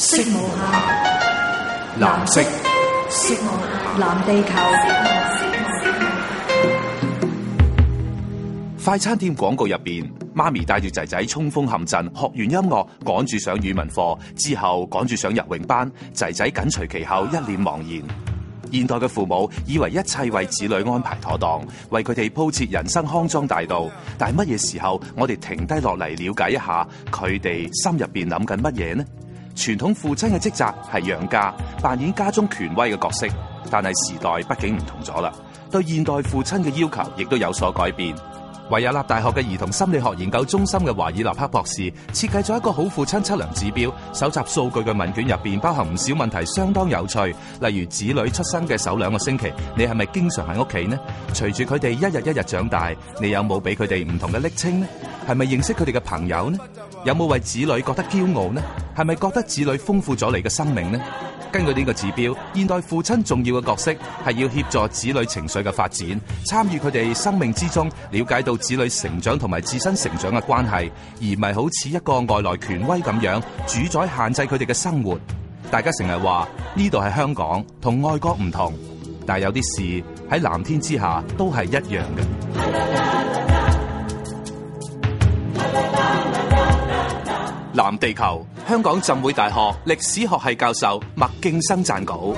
色無下藍色。藍色藍地球。快餐店廣告入邊，媽咪帶住仔仔衝鋒陷陣，學完音樂，趕住上語文課，之後趕住上游泳班，仔仔緊隨其後，一臉茫然。現代嘅父母以為一切為子女安排妥當，為佢哋鋪設人生康莊大道，但係乜嘢時候我哋停低落嚟了解一下佢哋心入邊諗緊乜嘢呢？傳統父親嘅職責係養家，扮演家中權威嘅角色。但係時代畢竟唔同咗啦，對現代父親嘅要求亦都有所改變。維也納大學嘅兒童心理學研究中心嘅華爾納克博士設計咗一個好父親測量指標，搜集數據嘅問卷入邊包含唔少問題，相當有趣。例如，子女出生嘅首兩個星期，你係咪經常喺屋企呢？隨住佢哋一日一日長大，你有冇俾佢哋唔同嘅昵稱呢？係咪認識佢哋嘅朋友呢？有冇為子女覺得驕傲呢？係咪覺得子女豐富咗你嘅生命呢？根據呢個指標，現代父親重要嘅角色係要協助子女情緒嘅發展，參與佢哋生命之中，了解到子女成長同埋自身成長嘅關係，而唔係好似一個外來權威咁樣主宰限制佢哋嘅生活。大家成日話呢度係香港同外國唔同，但係有啲事喺藍天之下都係一樣嘅。藍地球，香港浸會大學歷史學系教授麥勁生撰稿。